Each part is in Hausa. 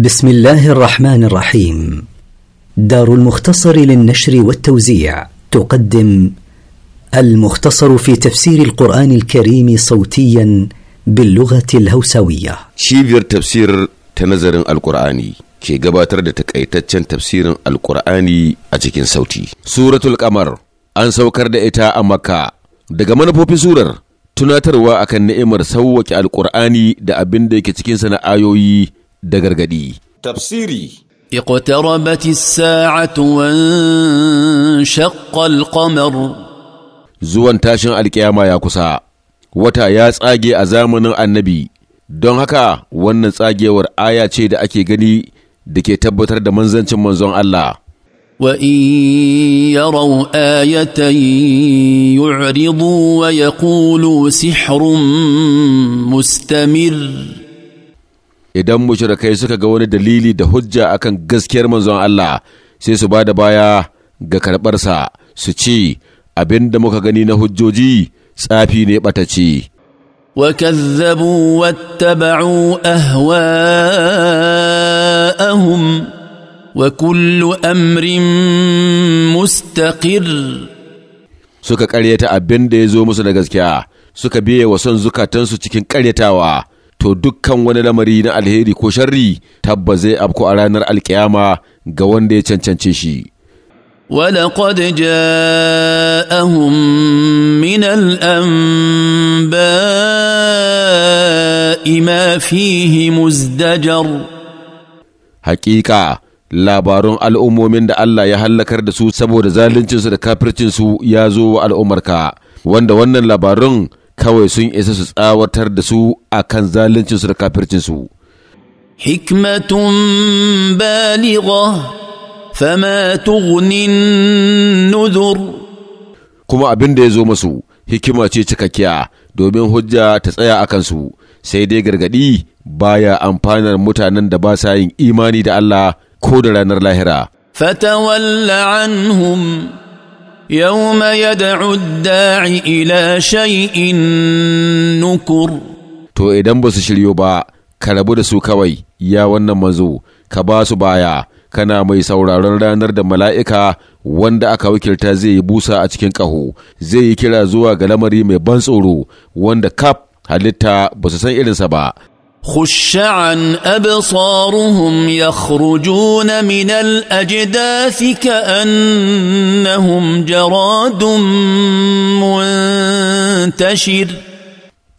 بسم الله الرحمن الرحيم دار المختصر للنشر والتوزيع تقدم المختصر في تفسير القرآن الكريم صوتيا باللغة الهوسوية شيفير تفسير تنظر القرآني كي قباتر تفسير القرآني أجيكين صوتي سورة القمر أنسو كرد إتاء مكة دقمان بوبي سورة tunatarwa akan ni'imar sauwake alkur'ani da abin da yake cikinsa da gargadi. Tafsiri اقتربت الساعة وانشق القمر zuwan tashin alkiyama ya kusa wata ya tsage a zamanin annabi don haka wannan tsagewar aya ce da ake gani da ke tabbatar da manzancin manzon Allah وإن يروا آية يعرضوا ويقولوا sihrun Mustamir. idan mushrikai suka ga wani dalili da hujja akan gaskiyar manzon Allah sai su ba da baya ga karɓarsa su ce abin da muka gani na hujjoji tsafi ne ɓatace. وكذبوا واتبعوا اهواءهم وكل امر مستقر suka ƙaryata abin da ya zo musu da gaskiya suka biye wa son zukatansu cikin ƙaryatawa to dukkan wani lamari na alheri ko sharri tabba zai afku a ranar alkiyama ga wanda ya cancance shi ولقد جاءهم من الانباء ما فيه مزدجر حقيقه labarun al'ummomin da Allah ya hallakar da su saboda zaluncinsu da kafircinsu ya zo wa al'ummarka wanda wannan labarun kawai sun isa su tsawatar da su a kan zaluncinsu da kafircinsu. Hikmatun baligha fama tughnin nuzur Kuma abin da ya zo masu hikima ce cikakkiya domin hujja ta tsaya a kansu sai dai gargadi baya amfanar mutanen da ba sa yin imani da Allah ko da ranar lahira. Fatawalla anhum يوم يدعو الداعي إلى شيء nukur. to idan ba su shiryo ba ka rabu da su kawai ya wannan manzo ka ba su baya kana mai sauraron ranar da mala'ika wanda aka wakilta zai yi busa a cikin ƙaho zai yi kira zuwa ga lamari mai ban tsoro wanda kaf halitta ba su san irinsa ba خشعا ابصارهم يخرجون من الاجداث كانهم جراد منتشر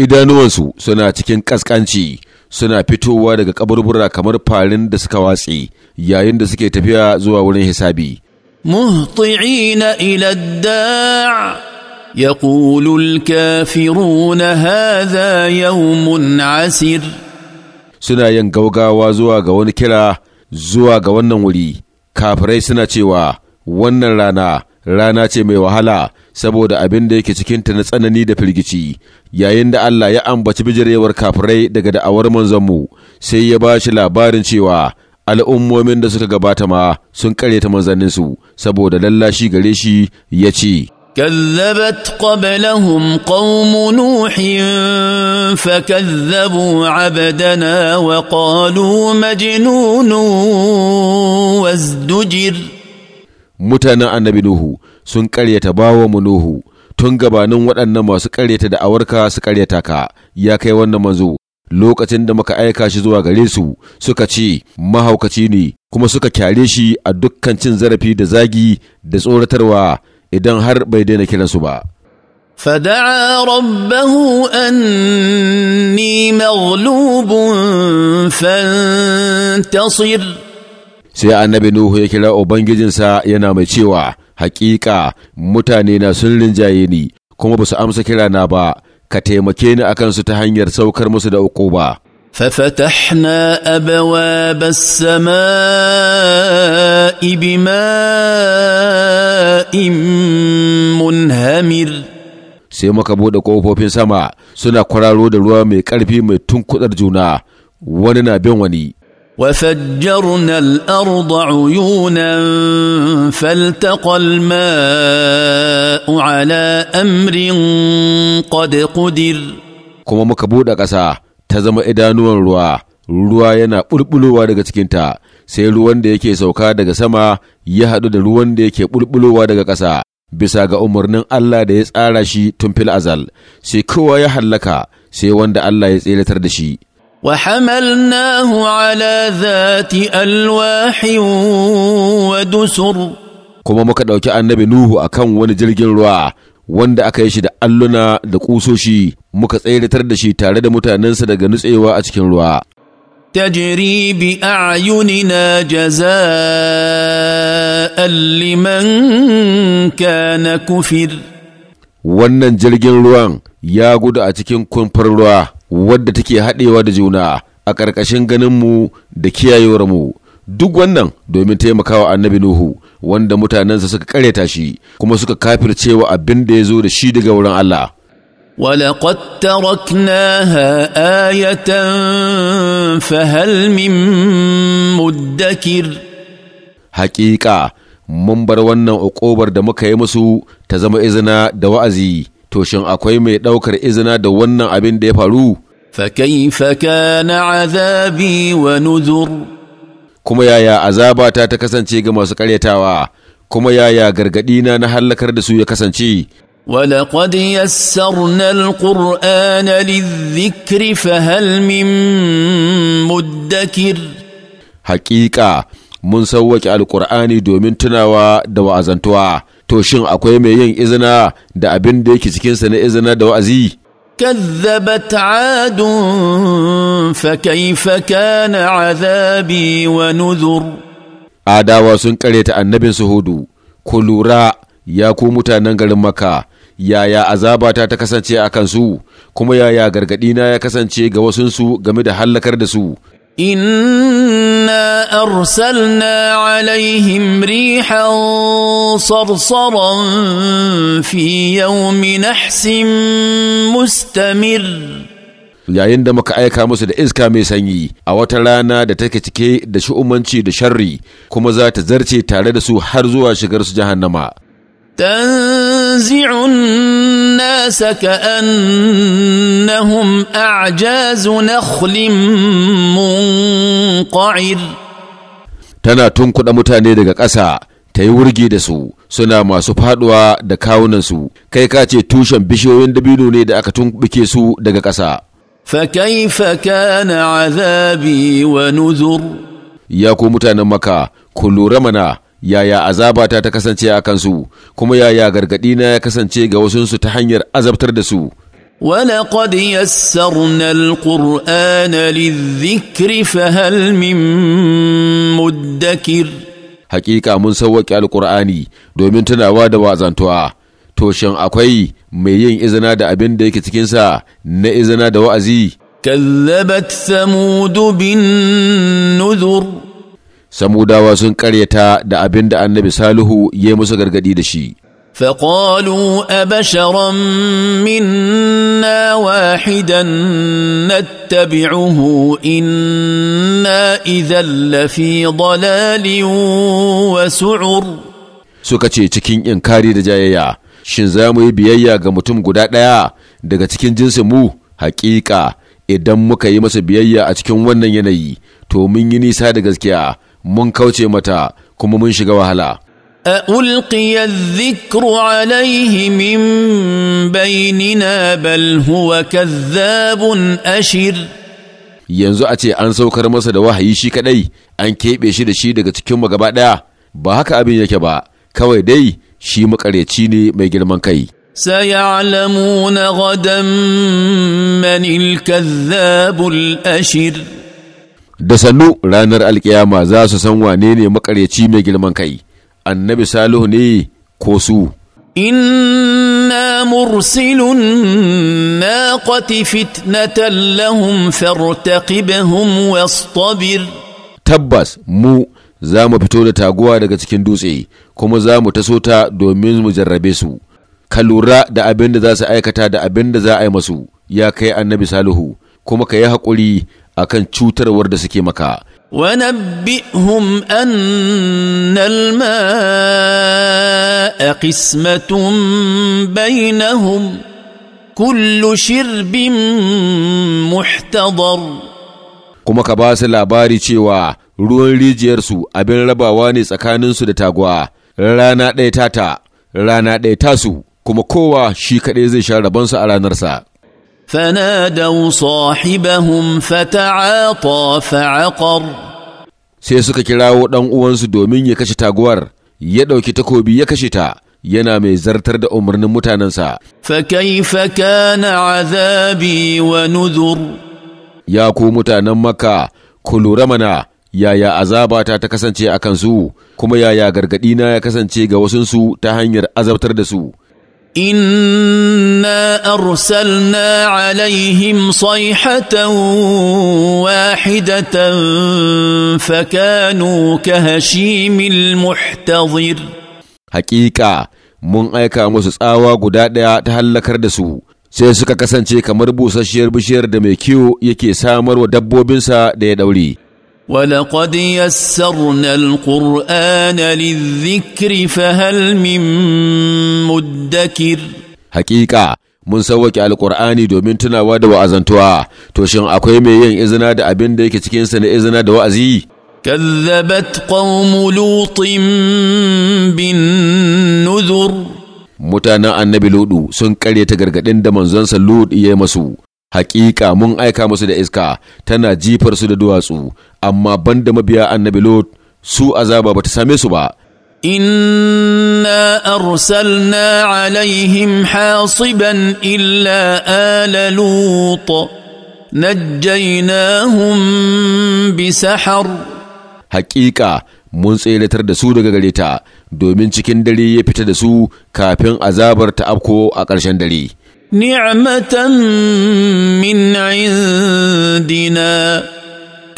idanuwansu suna cikin ƙasƙanci suna fitowa daga kaburbura kamar farin da suka watsi yayin da suke tafiya zuwa wurin hisabi muhti'ina ila da'a يقول الكافرون هذا يوم عسر suna yin gaugawa zuwa ga wani kira zuwa ga wannan wuri kafirai suna cewa wannan rana rana ce mai wahala saboda abin da yake cikinta na tsanani da firgici yayin da Allah ya ambaci bijirewar kafirai daga da'awar manzanmu sai ya ba shi labarin cewa al'ummomin da suka gabata ma sun kare ta manzanninsu saboda lallashi gare shi ya ce كذبت قبلهم قوم نوح فكذبوا عبدنا وقالوا مجنون وازدجر mutanen annabi Nuhu sun ƙaryata bawanmu Nuhu tun gabanin waɗannan masu ƙaryata da'awarka su karyata ka ya kai wannan manzo lokacin da muka aika shi zuwa gare su suka ce mahaukaci ne kuma suka kyare shi a dukkan cin zarafi da zagi da tsoratarwa idan har bai daina kiransu ba. فدعا ربه أني مغلوب فانتصر sai annabi Nuhu ya kira Ubangijinsa yana mai cewa hakika mutane na sun rinjaye ni kuma ba su amsa kirana ba ka taimake ni akan su ta hanyar saukar musu da uku ba. ففتحنا أبواب السماء بماء منهمر sai muka bude kofofin sama suna kwararo da ruwa mai ƙarfi mai tunkuɗar juna wani na bin wani وفجرنا الأرض عيونا فالتقى الماء على أمر قد قدر كما مكبودا قساه ta zama idanuwan ruwa ruwa yana ɓulɓulowa daga cikinta sai ruwan da yake sauka daga sama ya haɗu da ruwan da yake ɓulɓulowa daga ƙasa bisa ga umarnin Allah da ya tsara shi tun fil azal sai kowa ya hallaka sai wanda Allah ya tseratar da shi وحملناه على ذات ألواح ودسر kuma muka ɗauki annabi Nuhu akan wani jirgin ruwa wanda aka yi shi da alluna da ƙusoshi, muka tsayar da shi tare da mutanensa daga nutsewa a cikin ruwa تجري باعيننا جزاء لمن كان كفر wannan jirgin ruwan ya gudu a cikin kumfar ruwa wadda take haɗewa da juna a ƙarƙashin ganinmu da kiyayewar mu duk wannan domin taimakawa annabi nuhu wanda mutanensa suka karyata shi kuma suka kafircewa abin da ya zo da shi daga wurin Allah ولقد تركناها آية فهل من مدكر حقيقة mun bar wannan uƙobar da muka yi musu ta zama izina da wa'azi, to shin akwai mai ɗaukar izina da wannan abin da ya faru? na azabi wa nuzur kuma yaya azabata ta kasance ga masu karyatawa kuma yaya gargadina na hallakar da su ya kasance ولقد يسرنا القرآن zikri فهل من مدكر حقيقة mun sauwaƙe alƙur'ani domin tunawa da wa'azantuwa to shin akwai mai yin izina da abin da yake cikinsa na izina da wa'azi كذبت عاد فكيف كان عذابي ونذر adawa sun ƙareta annabin su hudu ku lura ya ku mutanen garin maka yaya azabata ta kasance a kansu kuma yaya gargaɗina ya kasance ga wasunsu game da hallakar da su إنا أرسلنا عليهم ريحا صرصرا في يوم نحس مستمر yayin da muka aika musu da iska mai sanyi a wata rana da take cike da shu'umanci da sharri kuma za ta zarce tare da su har zuwa shigar su jahannama تنزع الناس كانهم اعجاز نخل منقعر tana tunkuɗa mutane daga ƙasa ta yi wurgi da su suna masu faɗuwa da kawunansu kai ka ce tushen bishiyoyin dabino ne da aka tumɓuke su daga ƙasa. فكيف كان عذابي Ya يا mutanen maka ku lura mana. yaya azabata ta kasance a kansu kuma yaya gargaɗi na ya kasance ga wasunsu ta hanyar azabtar da su. Wala kwadi ya sarunan ƙur'ana zikri fahalmin muddakir. Haƙiƙa mun sauwaƙi alƙur'ani domin tunawa da wazantuwa, to shan akwai mai yin izina da abin da yake cikinsa na izina da wa'azi. Kallabat samudu bin nuzur. samudawa sun ƙaryata da abin da annabi salihu ya musu gargadi da shi فقالوا أبشرا منا واحدا نتبعه إنا إذا لفي wa su'ur. suka ce cikin inkari da jayayya shin za mu yi biyayya ga mutum guda ɗaya daga cikin jinsin mu hakika idan muka yi masa biyayya a cikin wannan yanayi to mun yi nisa da gaskiya mun kauce mata kuma mun shiga wahala A ألقي الذكر alaihi من بيننا بل ka كذاب ashir. yanzu a ce an saukar masa da wahayi shi kaɗai, an keɓe shi da shi daga cikinmu gaba ɗaya ba haka abin yake ba kawai dai shi makareci ne mai girman kai سيعلمون gadan manil kazzabun ashir. da sannu ranar alkiyama za su san wane ne makaryaci mai girman kai annabi salihu ne ko su inna mursilun naqati fitnatan lahum fartaqibhum wastabir tabbas mu za mu fito da taguwa daga cikin dutse kuma za mu taso ta domin mu jarrabe su ka lura da abin da za su aikata da abin da za a yi masu ya kai annabi salihu kuma ka yi haƙuri akan cutarwar da suke maka ونبئهم ان الماء قسمه بينهم كل shirbin محتضر kuma ka ba su labari cewa ruwan rijiyarsu abin rabawa ne tsakaninsu da taguwa rana ɗaya tata rana ɗaya tasu kuma kowa shi kaɗai zai sha rabonsa a ranarsa فنادوا صاحبهم فتعاطى فعقر sai suka kirawo ɗan uwansu domin ya kashe taguwar ya ɗauki takobi ya kashe ta yana mai zartar da umarnin mutanensa. Fakaifa kana azabi wa nuzur. Ya ku mutanen Makka, ku lura mana yaya azabata ta kasance a kansu, kuma yaya gargadina ya kasance ga wasunsu ta hanyar azabtar da su. انا ارسلنا عليهم صيحه واحده فكانوا كهشيم المحتضر حقيقه mun aika musu tsawa guda ɗaya ta hallakar da su sai suka kasance kamar busasshiyar bishiyar da mai kiwo yake samarwa dabbobinsa da ya ɗaure ولقد يسرنا القرآن للذكر فهل من مدكر حقيقة mun sauwake alkur'ani domin tunawa da wa'azantuwa to shin akwai mai yin izina da abin da yake cikinsa na izina da wa'azi كذبت قوم لوط بالنذر متانا النبي لوط سن قرية غرغدين دا منزنسا لوط يي مسو Hakika mun aika musu da iska tana jifar su da duwatsu, amma banda mabiya annabi Lot su azaba bata same su ba. inna arsalna 'alaihim hasiban الا ال لوط نجيناهم بسحر hakika mun tseratar da su daga gareta, domin cikin dare ya fita da su kafin azabar ta afko a ƙarshen dare نعمه من عندنا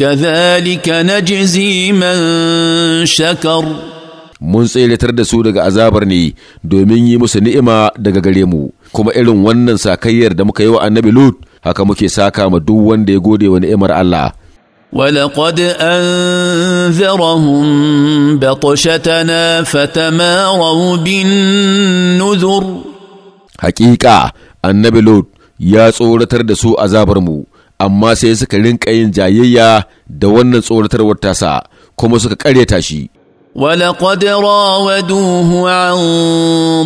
كذلك نجزي من شكر mun tseratar da su daga azabar ne domin yi musu ni'ima daga gare mu kuma irin wannan sakayyar da muka yi wa annabi lut haka muke saka ma duk wanda ya gode wa ni'imar Allah ولقد أنذرهم بطشتنا فتماروا بالنذر حقيقة annabi Lot ya tsoratar da su mu amma sai suka rinka yin jayayya da wannan tsoratarwar tasa kuma suka ƙaryata shi. ولقد راودوه عن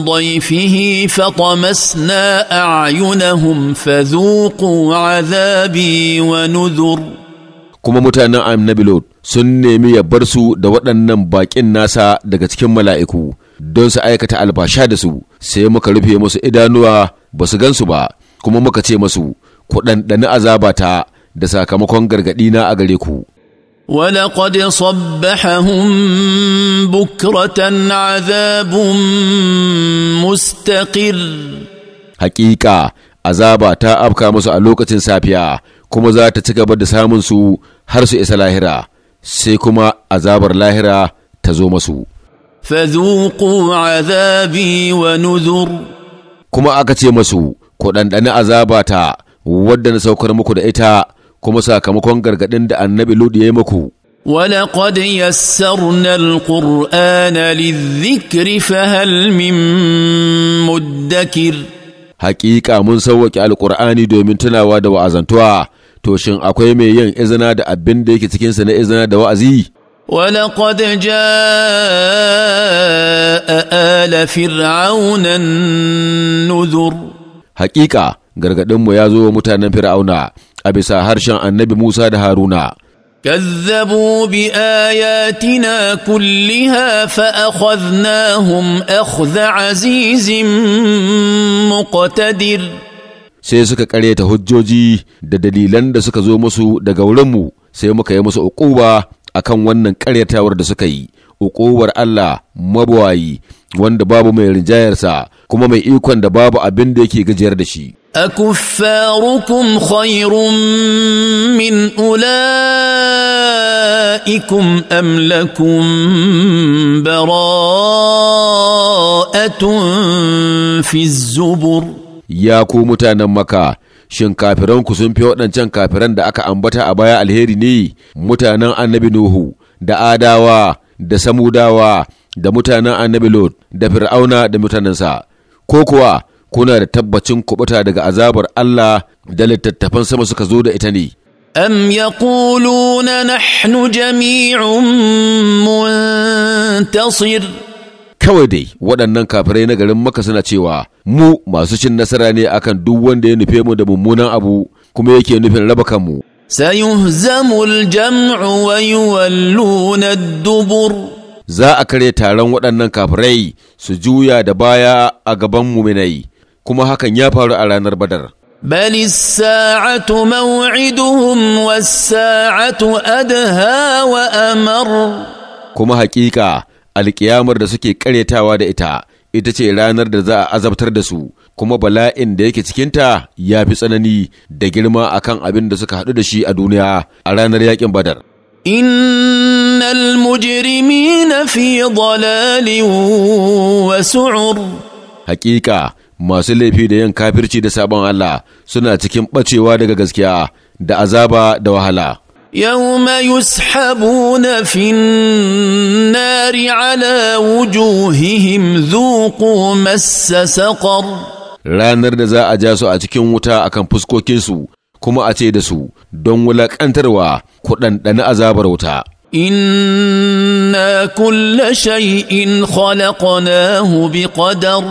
ضيفه فطمسنا أعينهم فذوقوا عذابي ونذر kuma mutanen annabi Lot sun nemi ya bar su da waɗannan baƙin nasa daga cikin mala'iku don su aikata albasha da su sai muka rufe musu idanuwa ba su gansu ba kuma muka ce masu ku ɗanɗani azabata da sakamakon na a gare ku ولقد صبحهم bukratan 'azabun مستقر Haƙiƙa, azaba ta afka musu a lokacin safiya kuma za ta ci gaba da samun su har su isa lahira sai kuma azabar lahira ta zo masu fazuku azabi wa nuzur kuma aka ce masu ku ɗanɗani azaba ta wadda na saukar muku da ita kuma sakamakon gargaɗin da annabi lud ya yi muku wala qad yassarna alqur'ana lizikri fa hal min mudakkir mun sawaki Alƙur'ani domin tunawa da wa'azantuwa to shin akwai mai yin izina da abin da yake cikinsa na izina da wa'azi ولقد جاء آل فرعون النذر حقيقة gargaɗinmu ya zo wa mutanen fir'auna a bisa harshen annabi Musa da Haruna. كذبوا بآياتنا كلها فأخذناهم أخذ عزيز مقتدر sai suka ƙaryata hujjoji da dalilan da suka zo musu daga wurinmu sai muka yi musu uƙuba. akan wannan karyatawar da suka yi uƙuwar Allah mabawayi wanda babu mai rinjayarsa kuma mai ikon da babu abin da yake gajiyar da shi أكفاركم خير من أولئكم أم لكم براءة في الزبر يا ku mutanen maka. shin kafiranku sun fi waɗancan kafiran da aka ambata a baya alheri ne mutanen annabi Nuhu da Adawa da Samudawa da mutanen annabi Lot da Fir'auna da mutanensa ko kuwa kuna da tabbacin kubuta daga azabar Allah da littattafan sama suka zo da ita ne أم يقولون نحن jami'un منتصر kawai dai waɗannan kafirai na garin maka suna cewa mu masu cin nasara ne akan duk wanda ya nufe mu da mummunan abu kuma yake nufin raba kanmu wayu wallu na dubur. za a kare taron waɗannan kafirai su juya da baya a gaban muminai kuma hakan ya faru a ranar badar maw'iduhum الساعة saatu والساعة wa amar kuma haƙiƙa alƙiyamar da suke ƙaretawa da ita ita ce ranar da za a azabtar da su kuma bala'in da yake cikinta ya fi tsanani da girma a kan abin da suka haɗu da shi a duniya a ranar yakin badar. Innal Hakika masu laifi da yin kafirci da sabon Allah suna cikin ɓacewa daga gaskiya da azaba da wahala. يوم يسحبون في النار على وجوههم ذوقوا مس سقر ranar da za a ja su a cikin wuta akan fuskokinsu kuma a ce da su don wulaƙantarwa kuɗanɗani azabar wuta. Inna kulla shay'in khalaqnahu bi qadar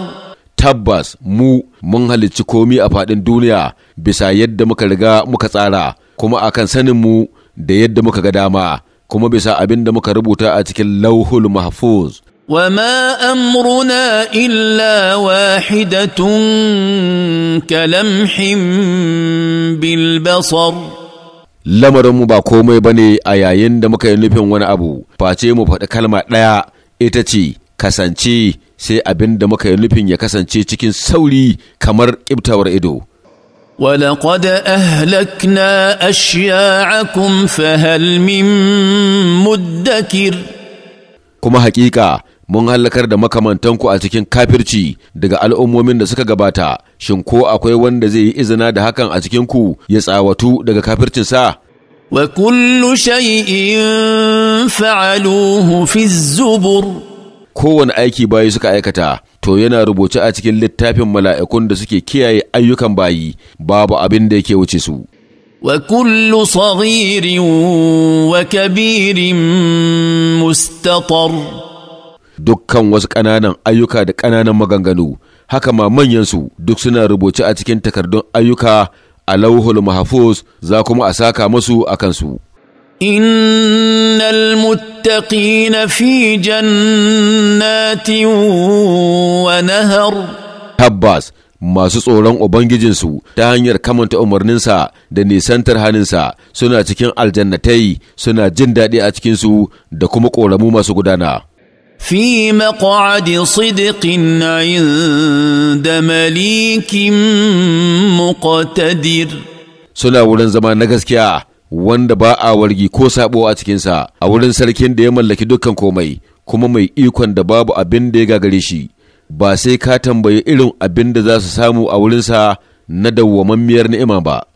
Tabbas mu mun halicci komi a faɗin duniya bisa yadda muka riga muka tsara kuma akan sanin mu da yadda muka ga dama kuma bisa abin da muka rubuta a cikin lauhul mahfuz ma amruna illa wahidatun kalamhin bilbasar. lamarinmu ba komai ba ne a yayin da muka yi nufin wani abu face mu faɗi kalma ɗaya ita ce kasance sai abin da muka yi nufin ya kasance cikin sauri kamar ƙibtawar ido ولقد اهلكنا اشياعكم فهل من مدكر kuma haƙiƙa mun hallakar da makamantanku a cikin kafirci daga al'ummomin da suka gabata shin ko akwai wanda zai yi izina da hakan a cikinku ya tsawatu daga kafircinsa wa kullu shay'in fa'aluhu fi zubur kowane aiki bayi suka aikata to yana rubuce a cikin littafin mala'ikun da suke kiyaye ayyukan bayi babu abin da yake wuce su Wa kullu wa kabirin mustatar. dukkan wasu ƙananan ayyuka da ƙananan maganganu haka ma manyansu duk suna rubuce a cikin takardun ayyuka a lauhul mahafuz za kuma a saka masu a kansu ان المتقين في جنات ونهر tabbas masu tsoron ubangijinsu ta hanyar kamanta umarninsa da nisantar haninsa suna cikin aljannatai suna jin daɗi a cikinsu da kuma ƙoramu masu gudana في sidiƙin na عند مليك مقتدر suna wurin zama na gaskiya wanda ba a wargi ko sabo a cikinsa a wurin sarkin da ya mallaki dukkan komai kuma mai ikon da babu abin da ya gagare shi ba sai ka tambayi irin abin da za su samu a wurinsa na dawwamammiyar ni'ima ba